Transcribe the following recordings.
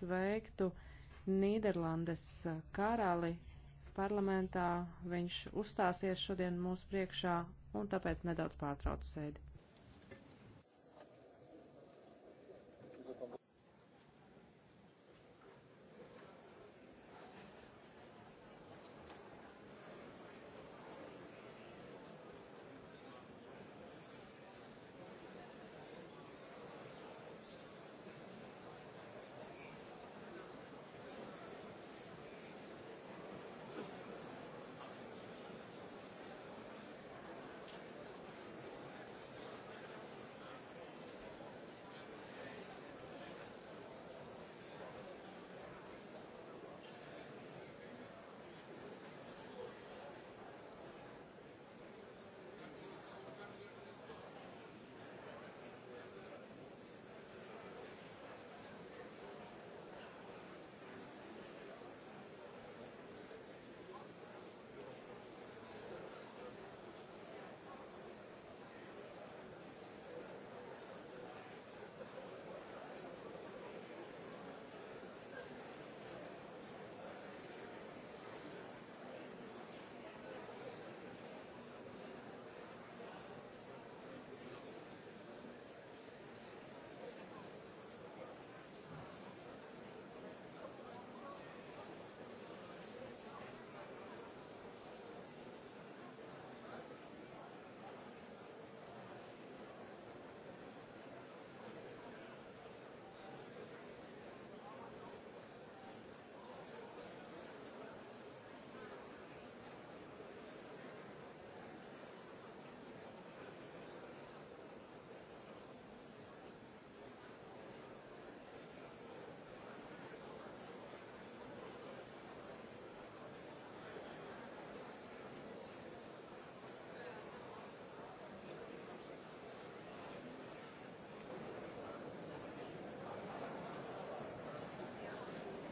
sveiktu Nīderlandes karali parlamentā. Viņš uzstāsies šodien mūsu priekšā un tāpēc nedaudz pārtraucu sēdi.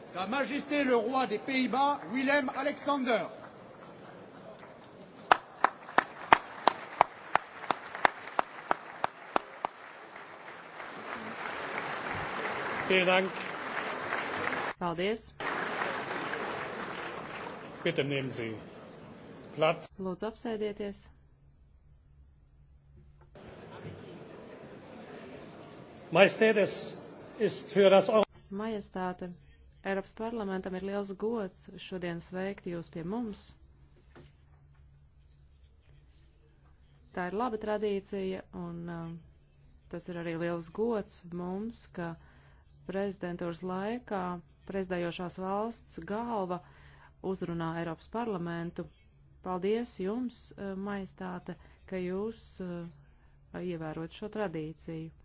Sa Majesté le roi des Pays-Bas, Willem Alexander. Vielen Dank. Paldies. Bitte nehmen Sie Platz. Lūdzu, apsēdieties. Majestätes ist für das Euro. Majestāte, Eiropas parlamentam ir liels gods šodien sveikt jūs pie mums. Tā ir laba tradīcija, un uh, tas ir arī liels gods mums, ka prezidentūras laikā prezidējošās valsts galva uzrunā Eiropas parlamentu. Paldies jums, uh, maistāte, ka jūs uh, ievērot šo tradīciju.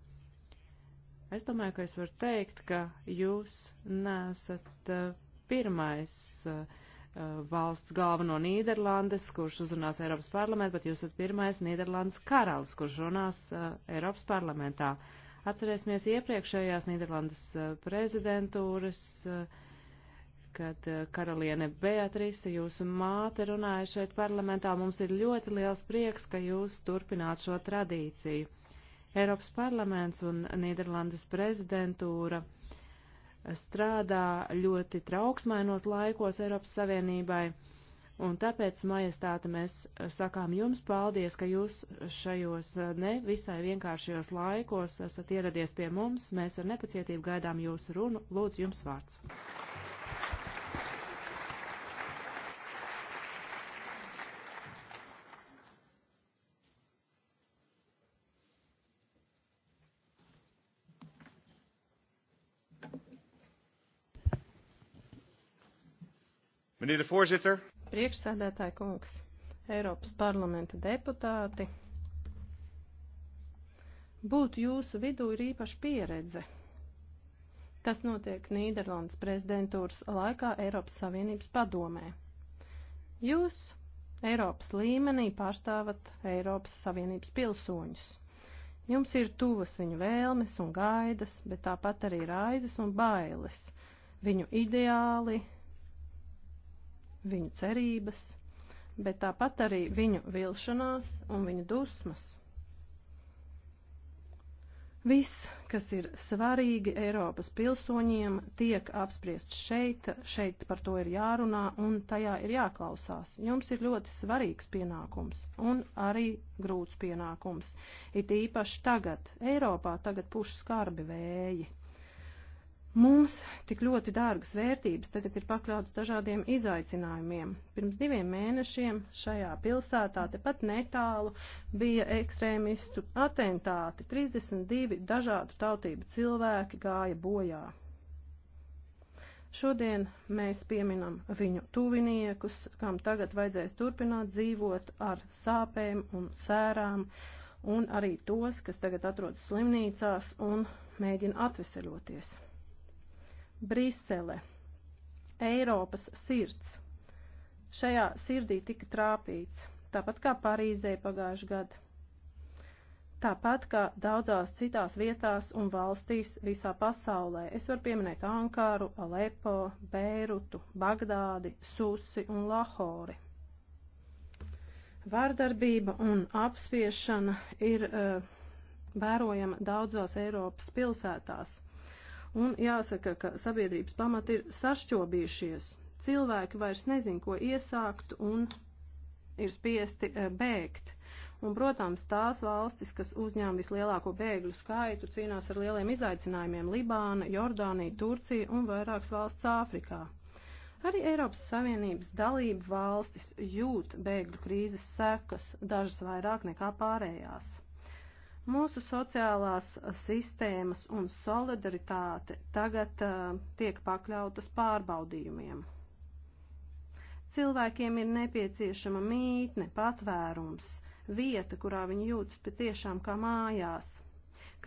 Es domāju, ka es varu teikt, ka jūs nesat eh, pirmais eh, valsts galva no Nīderlandes, kurš uzrunās Eiropas parlamentu, bet jūs esat pirmais Nīderlandes karalis, kurš runās eh, Eiropas parlamentā. Atcerēsimies iepriekšējās Nīderlandes prezidentūras kad karaliene Beatrice, jūsu māte, runāja šeit parlamentā. Mums ir ļoti liels prieks, ka jūs turpināt šo tradīciju. Eiropas parlaments un Nīderlandes prezidentūra strādā ļoti trauksmainos laikos Eiropas Savienībai, un tāpēc, majestāte, mēs sakām jums paldies, ka jūs šajos eh, ne visai vienkāršajos laikos esat ieradies pie mums. Mēs ar nepacietību gaidām jūsu runu. Lūdzu, jums vārds. Meneer de voorzitter. Priekšsēdētāji kungs, Eiropas parlamenta deputāti. Būt jūsu vidū ir īpaša pieredze. Tas notiek Nīderlandes prezidentūras laikā Eiropas Savienības padomē. Jūs Eiropas līmenī pārstāvat Eiropas Savienības pilsoņus. Jums ir tuvas viņu vēlmes un gaidas, bet tāpat arī raizes un bailes, viņu ideāli, viņu cerības, bet tāpat arī viņu vilšanās un viņu dusmas. Viss, kas ir svarīgi Eiropas pilsoņiem, tiek apspriests šeit, šeit par to ir jārunā un tajā ir jāklausās. Jums ir ļoti svarīgs pienākums un arī grūts pienākums. It īpaši tagad, Eiropā tagad puš skarbi vēji Mums tik ļoti dārgas vērtības tagad ir pakļautas dažādiem izaicinājumiem. Pirms diviem mēnešiem šajā pilsētā tepat netālu bija ekstrēmistu atentāti. 32 dažādu tautību cilvēki gāja bojā. Šodien mēs pieminam viņu tuviniekus, kam tagad vajadzēs turpināt dzīvot ar sāpēm un sērām, un arī tos, kas tagad atrodas slimnīcās un mēģina atveseļoties. Brisele, Eiropas sirds. Šajā sirdī tika trāpīts, tāpat kā Parīzē pagājuši gadu. Tāpat kā daudzās citās vietās un valstīs visā pasaulē, es varu pieminēt Ankāru, Alepo, Beirutu, Bagdādi, Susi un Lahori. Vārdarbība un apspiešana ir uh, vērojama daudzās Eiropas pilsētās. Un jāsaka, ka sabiedrības pamati ir sašķobījušies. Cilvēki vairs nezin, ko iesākt un ir spiesti eh, bēgt. Un, protams, tās valstis, kas uzņēma vislielāko bēgļu skaitu, cīnās ar lieliem izaicinājumiem - Libāna, Jordānija, Turcija un vairākas valsts Āfrikā. Arī Eiropas Savienības dalību valstis jūt bēgļu krīzes sekas, dažas vairāk nekā pārējās. Mūsu sociālās sistēmas un solidaritāte tagad uh, tiek pakļautas pārbaudījumiem. Cilvēkiem ir nepieciešama mītne, patvērums, vieta, kurā viņi jūtas patiešām kā mājās.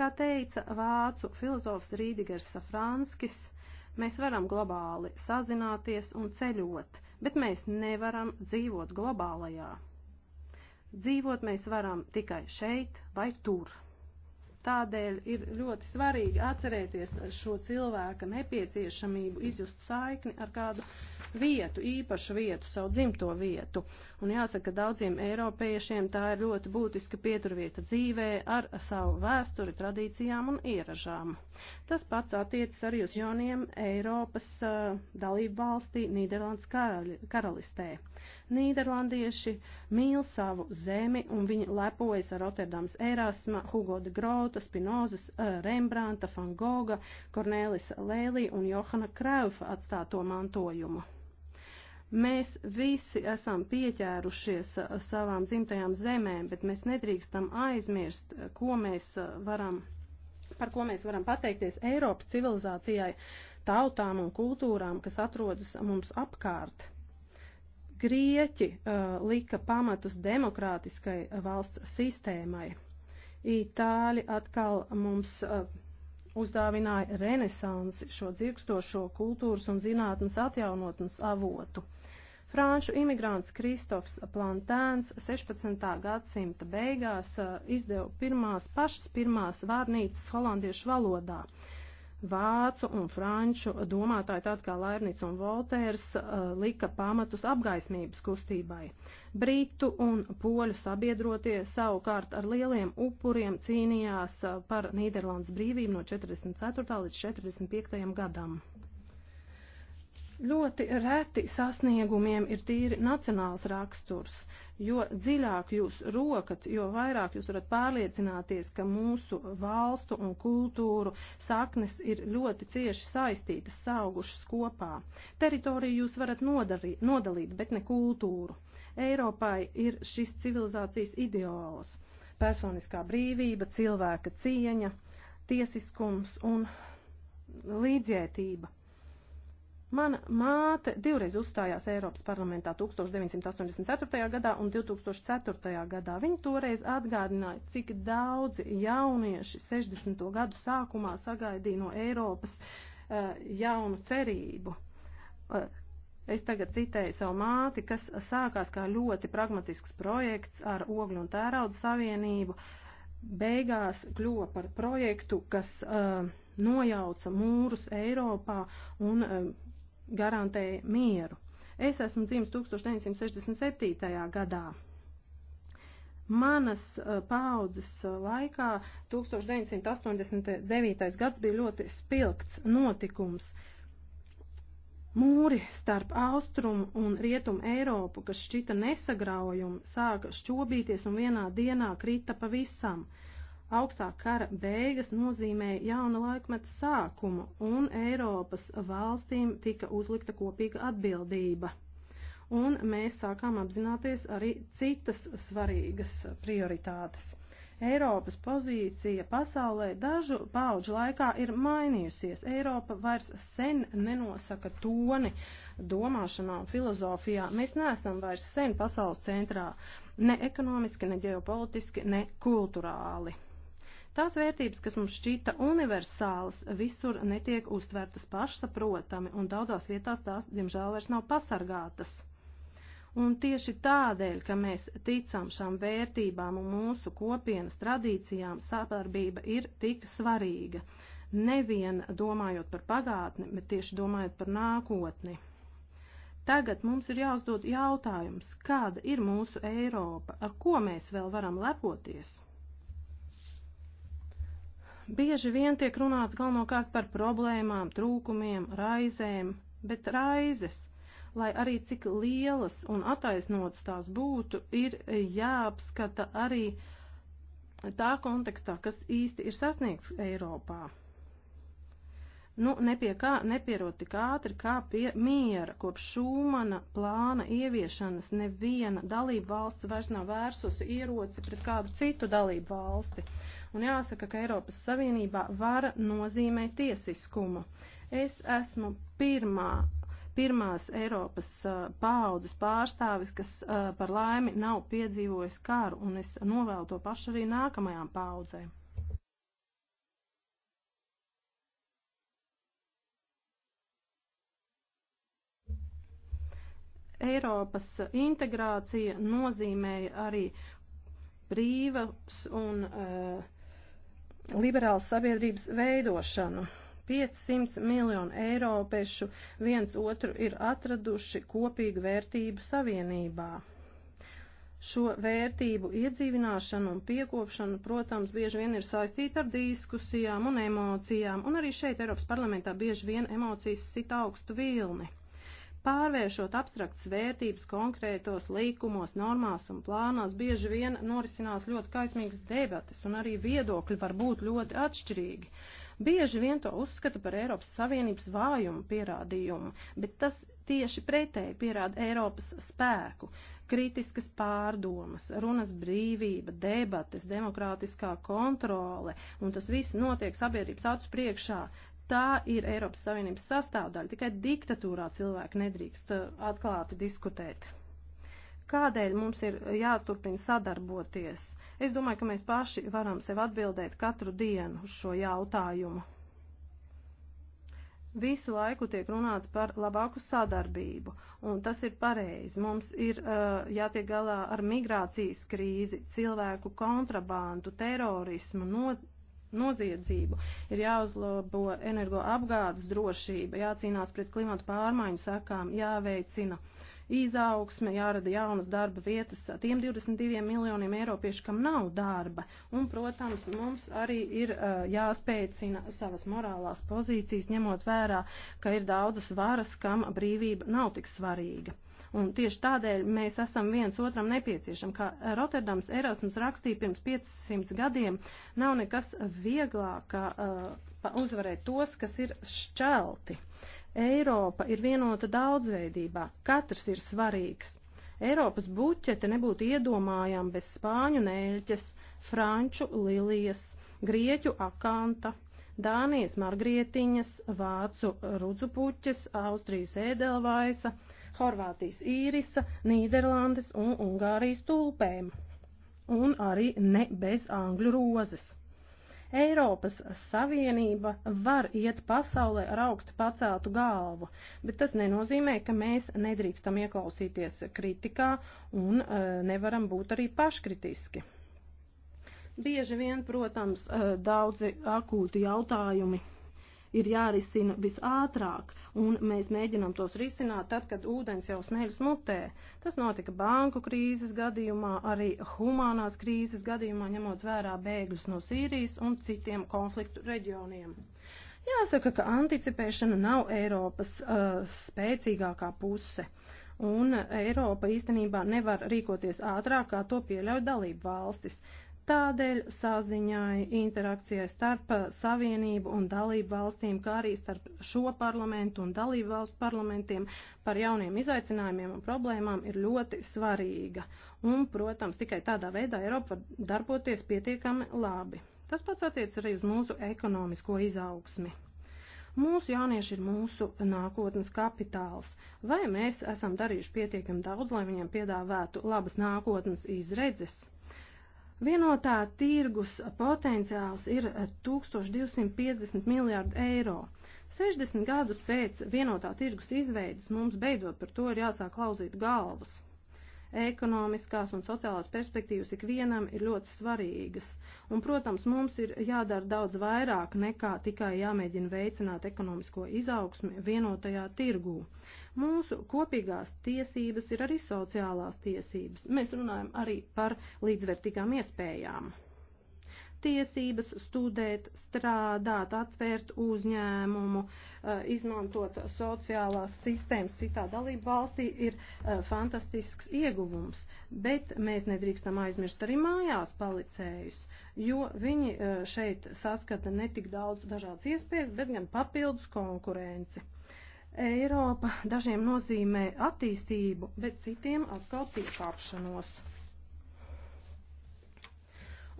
Kā teica vācu filozofs Rīdigers Safranskis, mēs varam globāli sazināties un ceļot, bet mēs nevaram dzīvot globālajā Dzīvot mēs varam tikai šeit vai tur. Tādēļ ir ļoti svarīgi atcerēties šo cilvēka nepieciešamību, izjust saikni ar kādu vietu, īpašu vietu, savu dzimto vietu. Un jāsaka, daudziem eiropiešiem tā ir ļoti būtiska pieturvieta dzīvē ar savu vēsturi, tradīcijām un ieražām. Tas pats attiecas arī uz jauniem Eiropas uh, dalību valstī Nīderlandes karali, karalistē. Nīderlandieši mīl savu zemi un viņi lepojas ar Rotterdams Erasma, Hugo de Grota, Spinozas, Rembranta, Van Goga, Kornelis Lēlī un Johana Kraufa atstāto mantojumu. Mēs visi esam pieķērušies uh, savām dzimtajām zemēm, bet mēs nedrīkstam aizmirst, uh, ko mēs uh, varam, par ko mēs varam pateikties Eiropas civilizācijai, tautām un kultūrām, kas atrodas mums apkārt. Grieķi uh, lika pamatus demokrātiskai valsts sistēmai. Itāļi atkal mums uh, uzdāvināja renesansi, šo dzirkstošo kultūras un zinātnes atjaunotnes avotu. Franču imigrants Kristofs Plantēns 16. gadsimta beigās uh, izdeva pirmās pašas pirmās vārnīcas holandiešu valodā. Vācu un franču domātāji, tādi kā Lairnits un Voltērs, uh, lika pamatus apgaismības kustībai. Britu un poļu sabiedrotie savukārt ar lieliem upuriem cīnījās uh, par Nīderlandes brīvību no 44. līdz 45. gadam. Ļoti reti sasniegumiem ir tīri nacionāls raksturs, jo dziļāk jūs rokat, jo vairāk jūs varat pārliecināties, ka mūsu valstu un kultūru saknes ir ļoti cieši saistītas, saugušas kopā. Teritoriju jūs varat nodarīt, nodalīt, bet ne kultūru. Eiropai ir šis civilizācijas ideāls - personiskā brīvība, cilvēka cieņa, tiesiskums un līdzjētība Mana māte divreiz uzstājās Eiropas parlamentā 1984. gadā un 2004. gadā. Viņa toreiz atgādināja, cik daudzi jaunieši 60. gadu sākumā sagaidīja no Eiropas uh, jaunu cerību. Uh, es tagad citēju savu māti, kas sākās kā ļoti pragmatisks projekts ar ogļu un tērauda savienību, beigās kļuva par projektu, kas uh, nojauca mūrus Eiropā un garantēja mieru. Es esmu dzimis 1967. gadā. Manas uh, paudzes uh, laikā 1989. gads bija ļoti spilgts notikums. Mūri starp austrumu un rietumu Eiropu, kas šķita nesagraujumi, sāka šķobīties un vienā dienā krita pavisam. visam. Augstā kara beigas nozīmēja jauna laikmeta sākumu, un Eiropas valstīm tika uzlikta kopīga atbildība. Un mēs sākām apzināties arī citas svarīgas prioritātes. Eiropas pozīcija pasaulē dažu pauģu laikā ir mainījusies. Eiropa vairs sen nenosaka toni domāšanā un filozofijā. Mēs neesam vairs sen pasaules centrā ne ekonomiski, ne ģeopolitiski, ne kulturāli. Tās vērtības, kas mums šķita universālas, visur netiek uztvertas pašsaprotami, un daudzās vietās tās, diemžēl, vairs nav pasargātas. Un tieši tādēļ, ka mēs ticam šām vērtībām un mūsu kopienas tradīcijām, saparbība ir tik svarīga. Nevien domājot par pagātni, bet tieši domājot par nākotni. Tagad mums ir jāuzdod jautājums, kāda ir mūsu Eiropa, ar ko mēs vēl varam lepoties? Bieži vien tiek runāts galvenokārt par problēmām, trūkumiem, raizēm, bet raizes, lai arī cik lielas un attaisnotas tās būtu, ir jāapskata arī tā kontekstā, kas īsti ir sasniegts Eiropā nu, nepie kā, nepierot tik ātri kā pie miera. Kopš Šūmana plāna ieviešanas neviena dalība valsts vairs nav vērsusi ieroci pret kādu citu dalību valsti. Un jāsaka, ka Eiropas Savienībā vara nozīmē tiesiskumu. Es esmu pirmā pirmās Eiropas uh, paaudzes pārstāvis, kas uh, par laimi nav piedzīvojis karu, un es novēlu to pašu arī nākamajām paaudzēm. Eiropas integrācija nozīmēja arī brīvas un uh, liberālas sabiedrības veidošanu. 500 miljonu eiropešu viens otru ir atraduši kopīgu vērtību savienībā. Šo vērtību iedzīvināšanu un piekopšanu, protams, bieži vien ir saistīta ar diskusijām un emocijām, un arī šeit Eiropas parlamentā bieži vien emocijas sit augstu vilni pārvēršot abstrakts vērtības konkrētos līkumos, normās un plānās, bieži vien norisinās ļoti kaismīgas debates un arī viedokļi var būt ļoti atšķirīgi. Bieži vien to uzskata par Eiropas Savienības vājumu pierādījumu, bet tas tieši pretēji pierāda Eiropas spēku, kritiskas pārdomas, runas brīvība, debates, demokrātiskā kontrole, un tas viss notiek sabiedrības acu priekšā Tā ir Eiropas Savienības sastāvdaļa. Tikai diktatūrā cilvēki nedrīkst uh, atklāti diskutēt. Kādēļ mums ir jāturpina sadarboties? Es domāju, ka mēs paši varam sev atbildēt katru dienu uz šo jautājumu. Visu laiku tiek runāts par labāku sadarbību, un tas ir pareizi. Mums ir uh, jātiek galā ar migrācijas krīzi, cilvēku kontrabandu, terorismu, not, noziedzību, ir jāuzlabo energoapgādes drošība, jācīnās pret klimatu pārmaiņu sakām, jāveicina izaugsme, jārada jaunas darba vietas tiem 22 miljoniem eiropiešu, kam nav darba. Un, protams, mums arī ir uh, jāspēcina savas morālās pozīcijas, ņemot vērā, ka ir daudzas varas, kam brīvība nav tik svarīga. Un tieši tādēļ mēs esam viens otram nepieciešami. Kā Rotterdams Erasmus rakstīja pirms 500 gadiem, nav nekas vieglāk kā uh, uzvarēt tos, kas ir šķelti. Eiropa ir vienota daudzveidībā, katrs ir svarīgs. Eiropas buķete nebūtu iedomājama bez spāņu nēļķes, franču lilijas, grieķu akanta, dānijas margrietiņas, vācu rudzupuķes, austrijas ēdelvaisa, Horvātijas īrisa, Nīderlandes un Ungārijas tulpēm, un arī ne bez angļu rozes. Eiropas Savienība var iet pasaulē ar augstu paceltu galvu, bet tas nenozīmē, ka mēs nedrīkstam ieklausīties kritikā un e, nevaram būt arī paškritiski. Bieži vien, protams, e, daudzi akūti jautājumi ir jārisina visātrāk, un mēs mēģinām tos risināt tad, kad ūdens jau smēļas mutē. Tas notika banku krīzes gadījumā, arī humanās krīzes gadījumā, ņemot vērā bēgļus no Sīrijas un citiem konfliktu reģioniem. Jāsaka, ka anticipēšana nav Eiropas uh, spēcīgākā puse, un Eiropa īstenībā nevar rīkoties ātrāk, kā to pieļauj dalību valstis. Uh, Tādēļ saziņai, interakcijai starp savienību un dalību valstīm, kā arī starp šo parlamentu un dalību valstu parlamentiem par jauniem izaicinājumiem un problēmām ir ļoti svarīga. Un, protams, tikai tādā veidā Eiropa var darboties pietiekami labi. Tas pats attiec arī uz mūsu ekonomisko izaugsmi. Mūsu jaunieši ir mūsu nākotnes kapitāls. Vai mēs esam darījuši pietiekami daudz, lai viņiem piedāvētu labas nākotnes izredzes? Vienotā tirgus potenciāls ir 1250 eh, miljārdi eiro. 60 gadus pēc vienotā tirgus izveidas mums beidzot par to ir jāsāk klauzīt galvas ekonomiskās un sociālās perspektīvas ikvienam ir ļoti svarīgas. Un, protams, mums ir jādara daudz vairāk nekā tikai jāmēģina veicināt ekonomisko izaugsmi vienotajā tirgū. Mūsu kopīgās tiesības ir arī sociālās tiesības. Mēs runājam arī par līdzvērtīgām iespējām tiesības studēt, strādāt, atvērt uzņēmumu, eh, izmantot sociālās sistēmas citā dalība valstī ir eh, fantastisks ieguvums, bet mēs nedrīkstam aizmirst arī mājās palicējus, jo viņi eh, šeit saskata ne tik daudz dažādas iespējas, bet gan papildus konkurenci. Eiropa dažiem nozīmē attīstību, bet citiem atkal piekāpšanos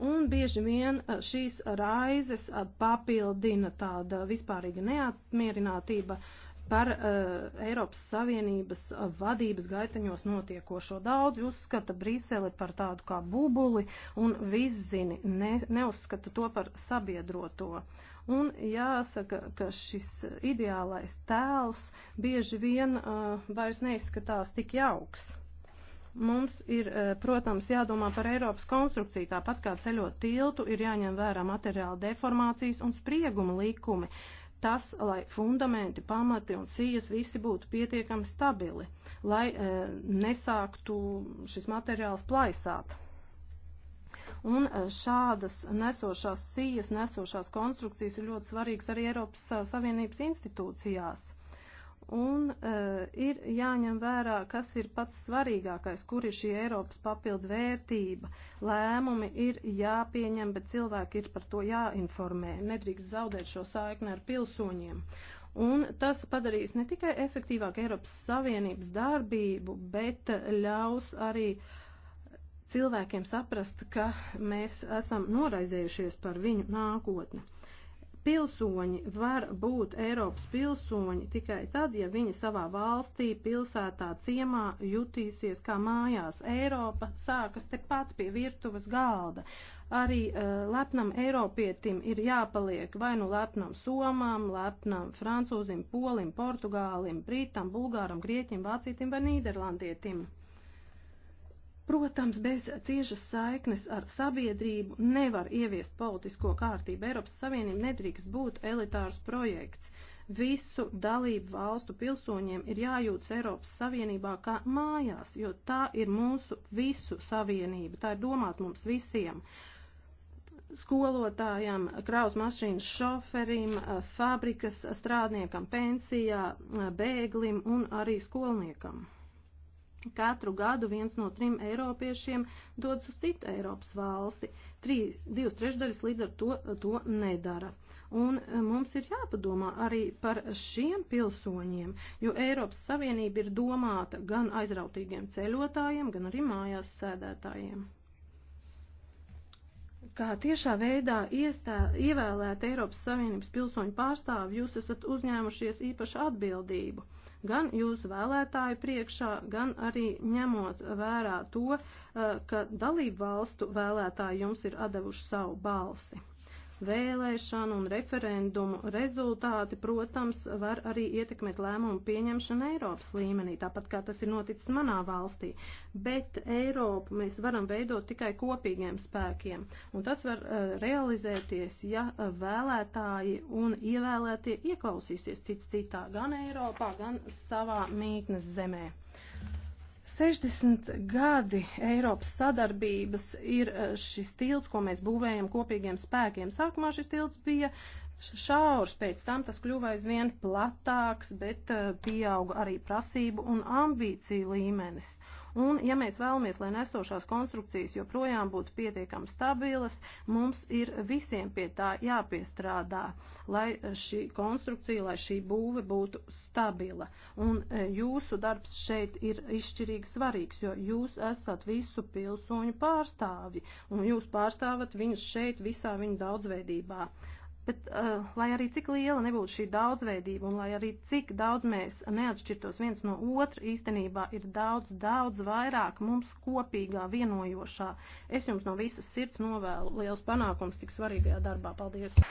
un bieži vien šīs raizes papildina tāda vispārīga neatmierinātība par uh, Eiropas Savienības vadības gaiteņos notiekošo. Daudzi uzskata Briseli par tādu kā bubuli un viszini, ne, neuzskata to par sabiedroto. Un jāsaka, ka šis ideālais tēls bieži vien uh, vairs neizskatās tik jauks. Mums ir, e, protams, jādomā par Eiropas konstrukciju, tāpat kā ceļot tiltu, ir jāņem vērā materiāla deformācijas un sprieguma likumi. Tas, lai fundamenti, pamati un sijas visi būtu pietiekami stabili, lai e, nesāktu šis materiāls plaisāt. Un e, šādas nesošās sijas, nesošās konstrukcijas ir ļoti svarīgas arī Eiropas e, Savienības institūcijās Un uh, ir jāņem vērā, kas ir pats svarīgākais, kur ir šī Eiropas papildu vērtība. Lēmumi ir jāpieņem, bet cilvēki ir par to jāinformē. Nedrīkst zaudēt šo saikni ar pilsoņiem. Un tas padarīs ne tikai efektīvāk Eiropas Savienības darbību, bet ļaus arī cilvēkiem saprast, ka mēs esam noraizējušies par viņu nākotni. Pilsoņi var būt Eiropas pilsoņi tikai tad, ja viņi savā valstī, pilsētā, ciemā jutīsies kā mājās. Eiropa sākas tepat pie virtuves galda. Arī uh, lepnam Eiropietim ir jāpaliek vai nu lepnam Somam, lepnam Francūzim, Polim, Portugālim, Brītam, Bulgāram, Grieķim, Vācītim vai Nīderlandietim. Protams, bez ciešas saiknes ar sabiedrību nevar ieviest politisko kārtību. Eiropas Savienība nedrīkst būt elitārs projekts. Visu dalību valstu pilsoņiem ir jājūtas Eiropas Savienībā kā mājās, jo tā ir mūsu visu savienība. Tā ir domāt mums visiem skolotājam, kraus mašīnas šoferim, fabrikas strādniekam, pensijā, bēglim un arī skolniekam. Katru gadu viens no trim eiropiešiem dodas uz citu Eiropas valsti. Trīs, divas trešdaļas līdz ar to, to nedara. Un e, mums ir jāpadomā arī par šiem pilsoņiem, jo Eiropas Savienība ir domāta gan aizrautīgiem ceļotājiem, gan arī mājās sēdētājiem. Kā tiešā veidā iestā, ievēlēt Eiropas Savienības pilsoņu pārstāvi, jūs esat uzņēmušies īpašu atbildību gan jūsu vēlētāju priekšā, gan arī ņemot vērā to, eh, ka dalību valstu vēlētāji jums ir devuši savu balsi. Vēlēšanu un referendumu rezultāti, protams, var arī ietekmēt lēmumu pieņemšanu Eiropas līmenī, tāpat kā tas ir noticis manā valstī. Bet Eiropu mēs varam veidot tikai kopīgiem spēkiem, un tas var uh, realizēties, ja eh, vēlētāji un ievēlētie ieklausīsies cits citā gan Eiropā, gan savā mītnes zemē. 60 gadi Eiropas sadarbības ir eh, šis tilts, ko mēs būvējam kopīgiem spēkiem. Sākumā šis tilts bija šaurs, pēc tam tas kļuva aizvien platāks, bet eh, pieauga arī prasību un ambīciju līmenis. Un, ja mēs vēlamies, lai nesošās konstrukcijas joprojām būtu pietiekami stabilas, mums ir visiem pie tā jāpiestrādā, lai šī konstrukcija, lai šī būve būtu stabila. Un e, jūsu darbs šeit ir izšķirīgi svarīgs, jo jūs esat visu pilsoņu pārstāvi, un jūs pārstāvat viņus šeit visā viņu daudzveidībā. Bet, uh, lai arī cik liela nebūtu šī daudzveidība un lai arī cik daudz mēs neatšķirtos viens no otra, īstenībā ir daudz, daudz vairāk mums kopīgā vienojošā. Es jums no visas sirds novēlu liels panākums tik svarīgajā darbā. Paldies!